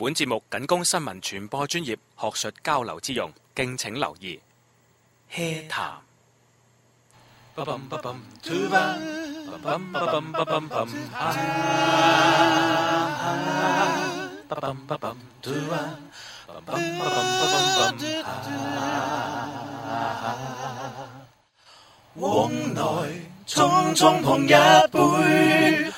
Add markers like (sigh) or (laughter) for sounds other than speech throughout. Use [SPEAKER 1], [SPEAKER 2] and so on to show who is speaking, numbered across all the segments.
[SPEAKER 1] 本節目僅供新聞傳播專業學術交流之用，敬請留意。Hea 談。往來匆匆碰一杯。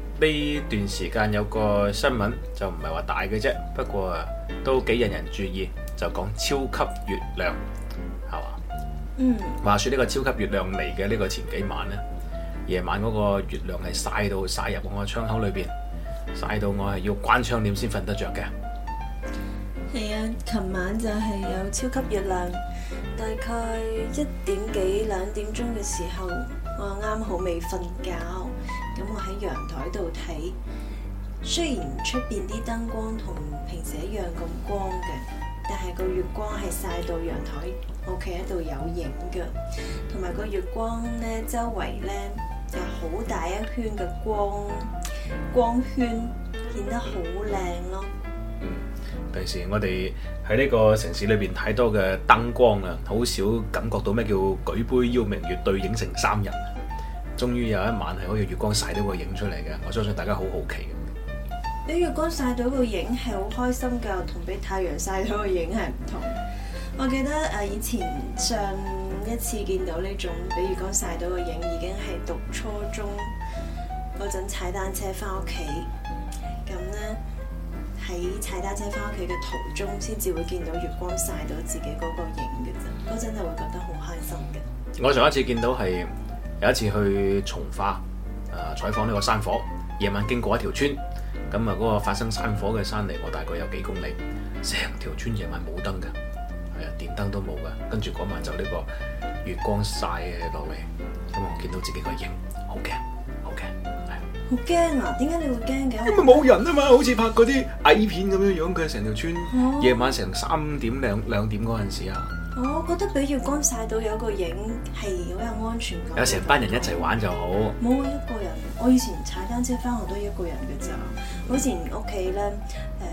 [SPEAKER 1] 呢段時間有個新聞就唔係話大嘅啫，不過都幾引人注意，就講超級月亮，係嘛？嗯。話説呢個超級月亮嚟嘅呢個前幾晚咧，夜晚嗰個月亮係曬到曬入我個窗口裏邊，曬到我係要關窗簾先瞓得着嘅。
[SPEAKER 2] 係啊，琴晚就係有超級月亮，大概一點幾兩點鐘嘅時候，我啱好未瞓覺。陽台度睇，雖然出邊啲燈光同平時一樣咁光嘅，但係個月光係曬到陽台，我企喺度有影嘅，同埋個月光咧周圍咧有好大一圈嘅光光圈，顯得好靚咯。嗯，
[SPEAKER 1] 平時我哋喺呢個城市裏邊睇多嘅燈光啦，好少感覺到咩叫舉杯邀明月，對影成三人。終於有一晚係可以月光曬到個影出嚟嘅，我相信大家好好奇咁。
[SPEAKER 2] 俾月光曬到個影係好開心㗎，同俾太陽曬到個影係唔同。我記得誒以前上一次見到呢種俾月光曬到個影，已經係讀初中嗰陣踩單車翻屋企，咁咧喺踩單車翻屋企嘅途中先至會見到月光曬到自己嗰個影嘅啫，嗰陣就會覺得好開心嘅。我上
[SPEAKER 1] 一次見到係，有一次去從化，誒採訪呢個山火，夜晚經過一條村，咁啊嗰個發生山火嘅山離，我大概有幾公里，成條村夜晚冇燈噶，係啊電燈都冇噶，跟住嗰晚就呢個月光曬嘅落嚟，咁、嗯、我見到自己個影，好驚
[SPEAKER 2] 好驚，係好驚啊！點解你
[SPEAKER 1] 會驚嘅？因為冇人啊嘛， (laughs) 好似拍嗰啲矮片咁樣樣，佢成條村夜 (laughs) 晚成三點兩兩點嗰陣時啊。
[SPEAKER 2] Oh，我覺得俾月光晒到有個影係好有安全感，感。
[SPEAKER 1] 有成班人一齊玩就好。
[SPEAKER 2] 冇我一個人，我以前踩單車翻學都一個人嘅咋。以前屋企咧，誒、呃、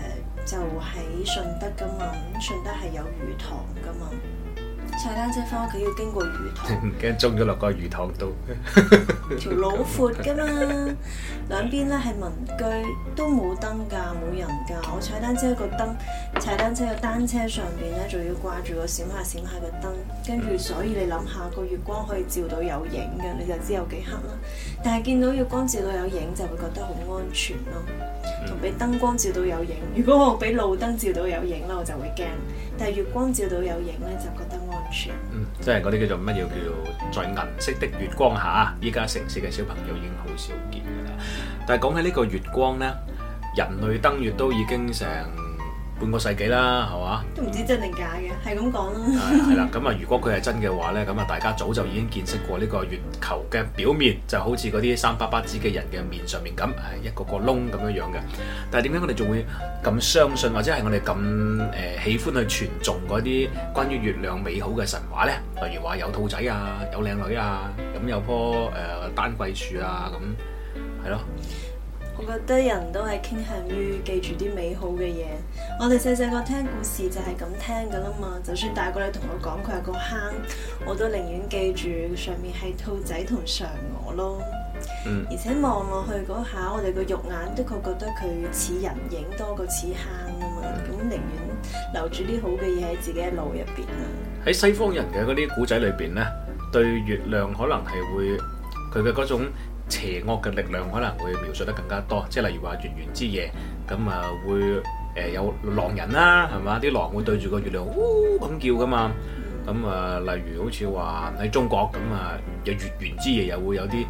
[SPEAKER 2] 就喺、是、順德㗎嘛，咁順德係有魚塘㗎嘛。踩單車翻屋企要經過魚塘，
[SPEAKER 1] 唔驚中咗落個魚塘度。條 (laughs) 路闊㗎嘛，
[SPEAKER 2] 兩邊咧係民居，都冇燈㗎，冇人㗎。我踩單車一個燈。踩單車嘅單車上邊咧，就要掛住個閃下閃下嘅燈，跟住所以你諗下個月光可以照到有影嘅，你就知有幾黑啦。但係見到月光照到有影，就會覺得好安全咯。同俾、嗯、燈光照到有影，如果我俾路燈照到有影咧，我就會驚。但係月光照到有影咧，就覺得安全。嗯，
[SPEAKER 1] 即係嗰啲叫做乜嘢叫做在銀色的月光下，依家城市嘅小朋友已經好少見噶啦。但係講起呢個月光咧，人類登月都已經成半個世紀啦，係嘛？都唔
[SPEAKER 2] 知真定假嘅，係咁講咯。係
[SPEAKER 1] 啦，咁啊，如果佢係真嘅話咧，咁啊，大家早就已經見識過呢個月球嘅表面就好似嗰啲三八八指嘅人嘅面上面咁，一個個窿咁樣樣嘅。但係點解我哋仲會咁相信，或者係我哋咁誒喜歡去傳頌嗰啲關於月亮美好嘅神話咧？例如話有兔仔啊，有靚女啊，咁有，有棵誒丹桂樹啊，咁係咯。
[SPEAKER 2] 我覺得人都係傾向於記住啲美好嘅嘢。我哋細細個聽故事就係咁聽噶啦嘛。就算大個你同我講佢係個坑，我都寧願記住上面係兔仔同嫦娥咯。嗯。而且望落去嗰下，我哋個肉眼的確覺得佢似人影多過似坑啊嘛。咁寧願留住啲好嘅嘢喺自己嘅腦入邊啊。
[SPEAKER 1] 喺西方人嘅嗰啲古仔裏邊咧，對月亮可能係會佢嘅嗰種。邪惡嘅力量可能會描述得更加多，即係例如話月圓之夜，咁啊會誒、呃、有狼人啦、啊，係嘛？啲狼會對住個月亮呼咁、呃、叫噶嘛？咁啊，例如好似話喺中國咁啊，有月圓之夜又會有啲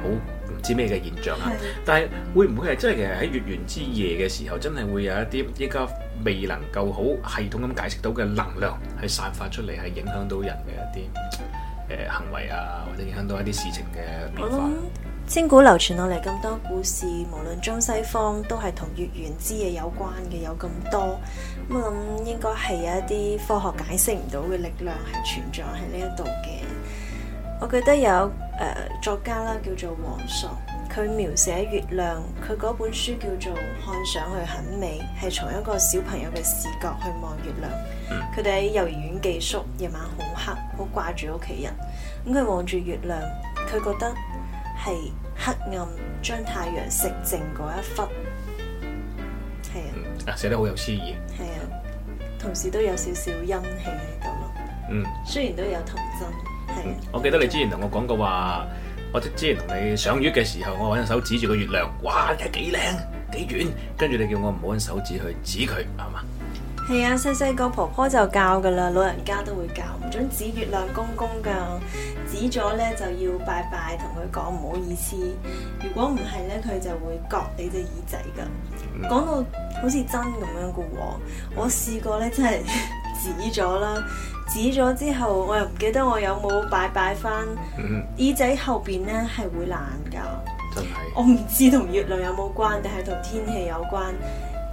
[SPEAKER 1] 好唔知咩嘅現象啊。但係會唔會係真係其實喺月圓之夜嘅時候，真係會有一啲依家未能夠好系統咁解釋到嘅能量係散發出嚟，係影響到人嘅一啲誒、呃、行為啊，或者影響到一啲事情嘅變化？
[SPEAKER 2] 千古流傳落嚟咁多故事，無論中西方，都係同月圓之夜有關嘅，有咁多。咁我諗應該係有一啲科學解釋唔到嘅力量係存在喺呢一度嘅。我記得有誒、呃、作家啦，叫做王朔，佢描寫月亮，佢嗰本書叫做《看上去很美》，係從一個小朋友嘅視角去望月亮。佢哋喺幼兒園寄宿，夜晚好黑，好掛住屋企人。咁佢望住月亮，佢覺得。係黑暗將太陽食淨嗰一忽，
[SPEAKER 1] 係啊，寫、嗯、得好有詩意，
[SPEAKER 2] 係啊，同時都有少少陰氣喺度咯，嗯，雖然都有童真，係、啊嗯。
[SPEAKER 1] 我記得你之前同我講過話，我之前同你賞月嘅時候，我揾手指住個月亮，哇，真係幾靚，幾圓，跟住你叫我唔好揾手指去指佢，係嘛？
[SPEAKER 2] 係啊，細細個婆婆就教噶啦，老人家都會教，唔准指月亮公公噶。指咗咧就要拜拜，同佢講唔好意思。如果唔係咧，佢就會割你隻耳仔噶。講、嗯、到好似真咁樣嘅喎。我試過咧真係指咗啦，指咗之後我又唔記得我有冇拜拜翻、嗯、耳仔後邊咧係會爛噶。真係是，我唔知同月亮有冇關，定係同天氣有關？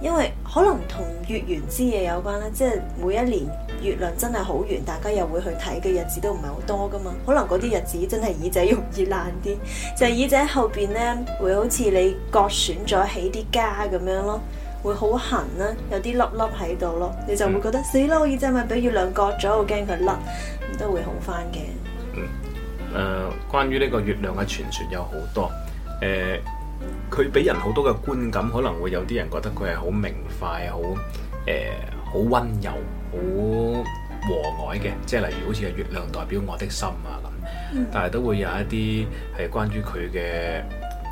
[SPEAKER 2] 因為可能同月圓之夜有關啦，即係每一年。月亮真係好圓，大家又會去睇嘅日子都唔係好多噶嘛。可能嗰啲日子真係耳仔容易爛啲，嗯、就係耳仔後邊咧會好似你割損咗起啲痂咁樣咯，會好痕啦，有啲粒粒喺度咯，你就會覺得死啦，嗯、耳仔咪俾月亮割咗，我驚佢甩，都會好翻嘅。嗯，誒、
[SPEAKER 1] 呃，關於呢個月亮嘅傳說有好多，誒、呃，佢俾人好多嘅觀感，可能會有啲人覺得佢係好明快，好誒，好、呃、溫柔。好、嗯、和藹嘅，即係例如好似係月亮代表我的心啊咁，但係都會有一啲係關於佢嘅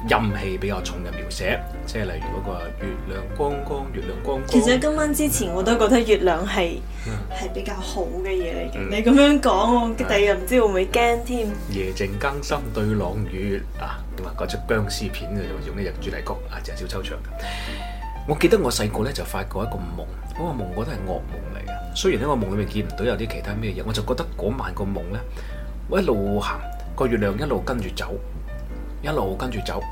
[SPEAKER 1] 陰氣比較重嘅描寫，即係例如嗰個月亮光光，月亮光光。其
[SPEAKER 2] 實今晚之前、嗯、我都覺得月亮係係、嗯、比較好嘅嘢嚟嘅，嗯、你咁樣講，我第日唔知會唔會驚添。
[SPEAKER 1] 夜靜更深對朗月啊，咁啊嗰隻僵屍片嘅用呢隻主題曲啊，就係鄭少秋唱㗎。我記得我細個咧就發過一個夢，嗰個夢我都係噩夢嚟嘅。雖然喺我夢裏面見唔到有啲其他咩嘢，我就覺得嗰晚個夢咧，我一路行，個月亮一路跟住走，一路跟住走。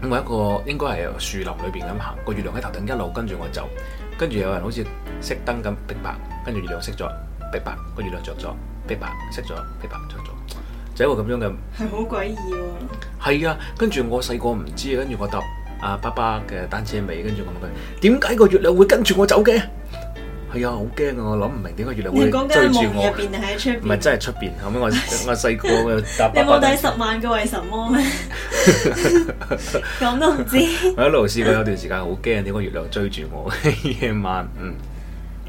[SPEAKER 1] 咁啊一個應該係樹林裏邊咁行，個月亮喺頭頂一路跟住我走，跟住有人好似熄燈咁，逼白跟住月亮熄咗，逼白個月亮着咗，逼白熄咗，逼白着咗，就一個咁樣嘅，
[SPEAKER 2] 係好詭異喎。
[SPEAKER 1] 係啊，跟住我細個唔知，跟住我答阿、啊、爸爸嘅單車尾，跟住我問佢點解個月亮會跟住我走嘅？係啊，好驚啊！我諗唔明點解月亮會喺夢入面，喺出面。唔係真係出邊，後尾我我細個嘅搭，你冇睇十萬個為什麼咩？咁都唔知。我一路試
[SPEAKER 2] 過有段時間好驚，點解月
[SPEAKER 1] 亮追住我夜晚？嗯。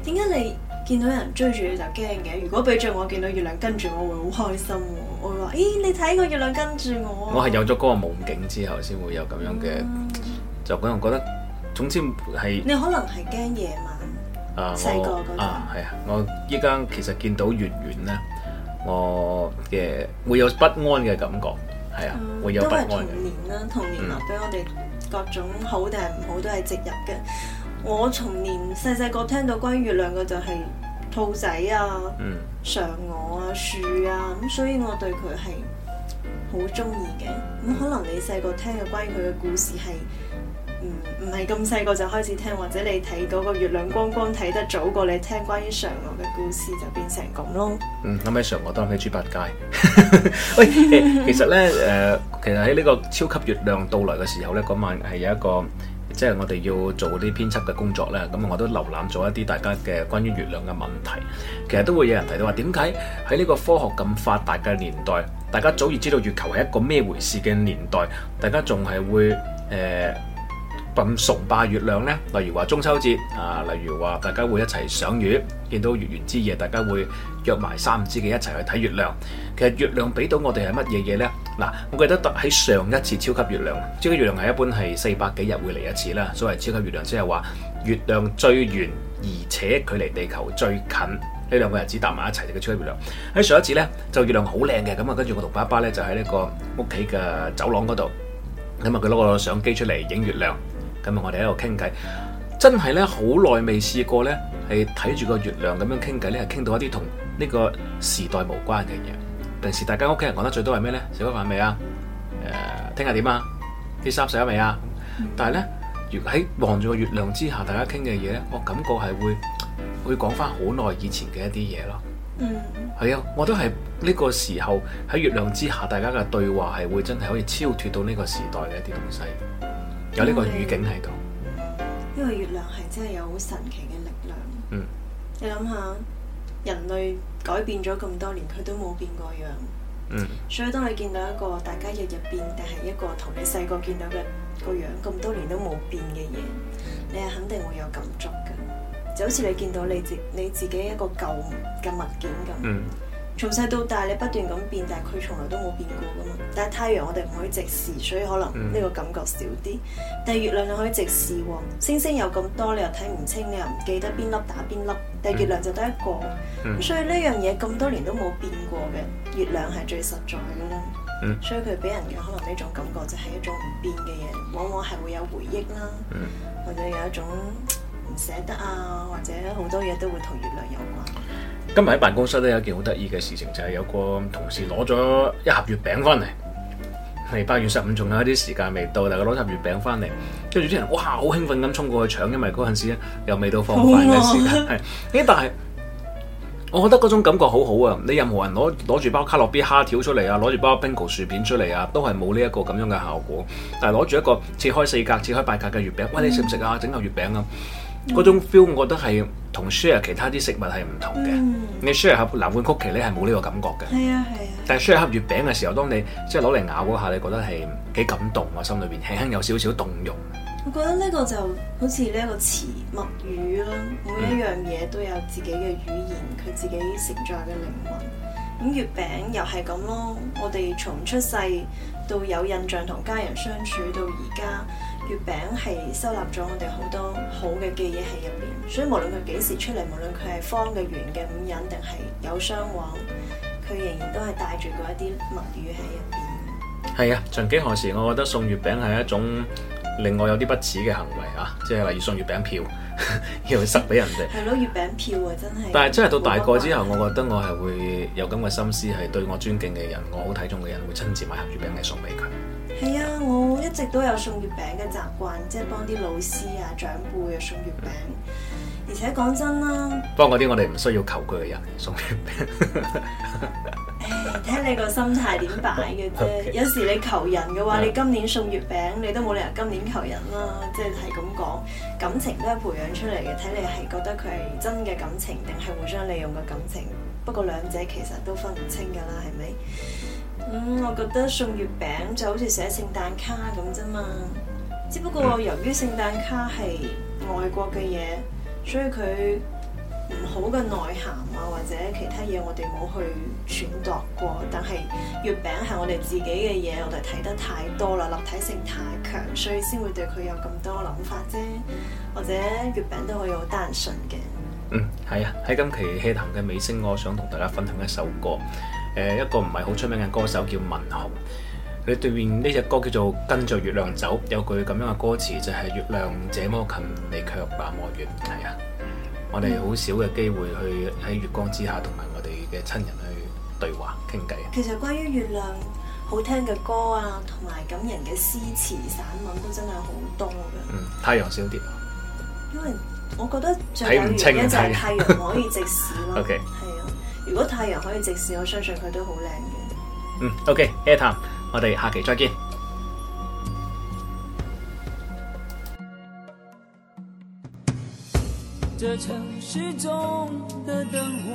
[SPEAKER 1] 點解你見到人追住你就驚嘅？如果俾著我見到月亮跟住我，會好開心喎！
[SPEAKER 2] 我話：咦，你睇個月亮跟住我。我係
[SPEAKER 1] 有咗嗰個夢境之後，先會有咁樣嘅，就咁樣覺得，總之係。你可能係驚夜晚。啊，我細個嗰時啊，係啊，我依家其實見到月圓咧，我嘅會有不安嘅感覺，係啊，嗯、會有不安。童年啦，童年留
[SPEAKER 2] 俾我哋各種好定係唔好都係植入嘅。我童年細細個聽到關於月亮嘅就係兔仔啊、嫦娥、嗯、啊、樹啊，咁所以我對佢係好中意嘅。咁、嗯、可能你細個聽嘅關於佢嘅故事係。唔唔係咁細個就開始聽，或者你睇嗰個月亮光光睇得早過你聽關於嫦娥嘅故事，就變成
[SPEAKER 1] 咁咯。嗯，諗起嫦娥都諗起豬八戒。喂，其實咧誒，其實喺呢個超級月亮到來嘅時候咧，嗰晚係有一個，即係我哋要做啲編輯嘅工作咧。咁我都瀏覽咗一啲大家嘅關於月亮嘅問題。其實都會有人提到話，點解喺呢個科學咁發達嘅年代，大家早已知道月球係一個咩回事嘅年代，大家仲係會誒。咁、嗯、崇拜月亮呢？例如話中秋節啊，例如話大家會一齊賞月，見到月圓之夜，大家會約埋三五知己一齊去睇月亮。其實月亮俾到我哋係乜嘢嘢呢？嗱，我記得喺上一次超級月亮，超級月亮係一般係四百幾日會嚟一次啦。所謂超級月亮，即係話月亮最圓而且距離地球最近，呢兩個日子搭埋一齊嘅超級月亮。喺上一次呢，就月亮好靚嘅咁啊，跟住我同爸爸呢，就喺呢個屋企嘅走廊嗰度，咁啊佢攞個相機出嚟影月亮。今日我哋喺度傾偈，真係咧好耐未試過咧，係睇住個月亮咁樣傾偈咧，係傾到一啲同呢個時代無關嘅嘢。平時大家屋企人講得最多係咩咧？食咗飯未啊？誒、呃，聽日點啊？啲衫洗咗未啊？但係咧，喺望住個月亮之下，大家傾嘅嘢，我感覺係會會講翻好耐以前嘅一啲嘢咯。嗯，係啊，我都係呢個時候喺月亮之下，大家嘅對話係會真係可以超脫到呢個時代嘅一啲東西。有呢個語境喺度，嗯，
[SPEAKER 2] 因為月亮係真係有好神奇嘅力量。嗯，你諗下，人類改變咗咁多年，佢都冇變過樣。
[SPEAKER 3] 嗯，
[SPEAKER 2] 所以當你見到一個大家日日變，但係一個同你細個見到嘅個樣咁多年都冇變嘅嘢，你係肯定會有感觸嘅。就好似你見到你自你自己一個舊嘅物件咁。嗯。從細到大，你不斷咁變，但係佢從來都冇變過咁。但係太陽我哋唔可以直視，所以可能呢個感覺少啲。但係月亮又可以直視喎，星星有咁多，你又睇唔清，你又唔記得邊粒打邊粒。但係月亮就得一個，咁、嗯、所以呢樣嘢咁多年都冇變過嘅。月亮係最實在噶啦，嗯、所以佢俾人嘅可能呢種感覺就係一種唔變嘅嘢，往往係會有回憶啦，嗯、或者有一種唔捨得啊，或者好多嘢都會同月亮有關。
[SPEAKER 1] 今日喺辦公室咧有一件好得意嘅事情，就係、是、有個同事攞咗一盒月餅翻嚟，係八月十五，仲有一啲時間未到，但係佢攞盒月餅翻嚟，跟住啲人哇好興奮咁衝過去搶，因為嗰陣時咧又未到放飯嘅時間，係好，但係我覺得嗰種感覺好好啊！你任何人攞攞住包卡樂 B 蝦條出嚟啊，攞住包 bingo 薯片出嚟啊，都係冇呢一個咁樣嘅效果。但係攞住一個切開四格、切開八格嘅月餅，喂，你食唔食啊？整個月餅啊！嗰、mm hmm. 種 feel，我覺得係同 share 其他啲食物係唔同嘅、mm hmm.。你 share 盒藍罐曲奇咧，係冇呢個感覺嘅。係啊係啊。Hmm. 但係 share 盒月餅嘅時候，當你即係攞嚟咬嗰下，你覺得係幾感動，我心裏邊輕輕有少少動容。
[SPEAKER 2] 我覺得呢個就好似呢一個詞物語啦，每一樣嘢都有自己嘅語言，佢自己存在嘅靈魂。咁、mm hmm. 月餅又係咁咯，我哋從出世到有印象同家人相處到而家。月餅係收納咗我哋好多好嘅記憶喺入邊，所以無論佢幾時出嚟，無論佢係方嘅、圓嘅、五仁定係有雙黃，佢仍然都係帶住嗰一啲樂趣喺入
[SPEAKER 1] 邊。係啊，曾幾何時，我覺得送月餅係一種令我有啲不恥嘅行為啊，即係例如送月餅票， (laughs) 要塞俾人哋。係
[SPEAKER 2] 咯、 (laughs) 啊，月餅票啊，真係。但係
[SPEAKER 1] 真係到大個之後，我覺得我係會有咁嘅心思，係對我尊敬嘅人，我好睇重嘅人，會親自買盒月餅嚟送俾佢。
[SPEAKER 2] 係啊，我一直都有送月餅嘅習慣，即係幫啲老師啊、長輩啊送月餅。嗯、而且講真啦，
[SPEAKER 1] 幫嗰啲我哋唔需要求佢嘅人送月餅。
[SPEAKER 2] 誒、 (laughs) 哎，睇你個心態點擺嘅啫。Okay. 有時你求人嘅話，你今年送月餅，Yeah. 你都冇理由今年求人啦。即係係咁講，感情都係培養出嚟嘅。睇你係覺得佢係真嘅感情，定係互相利用嘅感情？不過兩者其實都分唔清噶啦，係咪？嗯，我覺得送月餅就好似寫聖誕卡咁啫嘛。只不過由於聖誕卡係外國嘅嘢，所以佢唔好嘅內涵啊或者其他嘢，我哋冇去揣度過。但係月餅係我哋自己嘅嘢，我哋睇得太多啦，立體性太強，所以先會對佢有咁多諗法啫。或者月餅都可以好單
[SPEAKER 1] 純嘅。嗯，係啊，喺今期《戲壇嘅尾聲》，我想同大家分享一首歌。嗯誒，一個唔係好出名嘅歌手叫文豪，佢對面呢隻歌叫做《跟着月亮走》，有句咁樣嘅歌詞就係、是：月亮這麼近，你卻把我遠。係啊，我哋好少嘅機會去喺月光之下同埋我哋嘅親人去對話傾偈。
[SPEAKER 2] 其實
[SPEAKER 1] 關於月亮好聽嘅歌啊，
[SPEAKER 2] 同埋感人嘅詩詞散文都真係好多噶。嗯，太陽少啲，因為我覺得最嘅原因就係太陽可以直視咯。OK。 (laughs)
[SPEAKER 1] 如果太陽可以直視，我
[SPEAKER 3] 相信佢都好靚嘅。嗯，OK，Hea 談，我哋下期再見。這城市中的燈火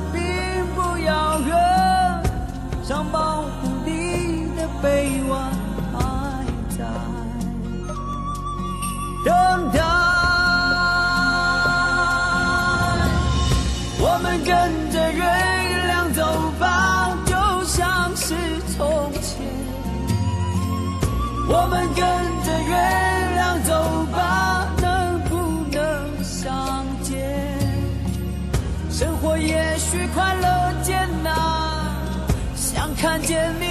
[SPEAKER 3] 想保護你的臂彎，還在等待。我們跟着月亮走吧，就像是從前。我們跟着月亮走吧，能不能相見？生活也許快樂。看見你。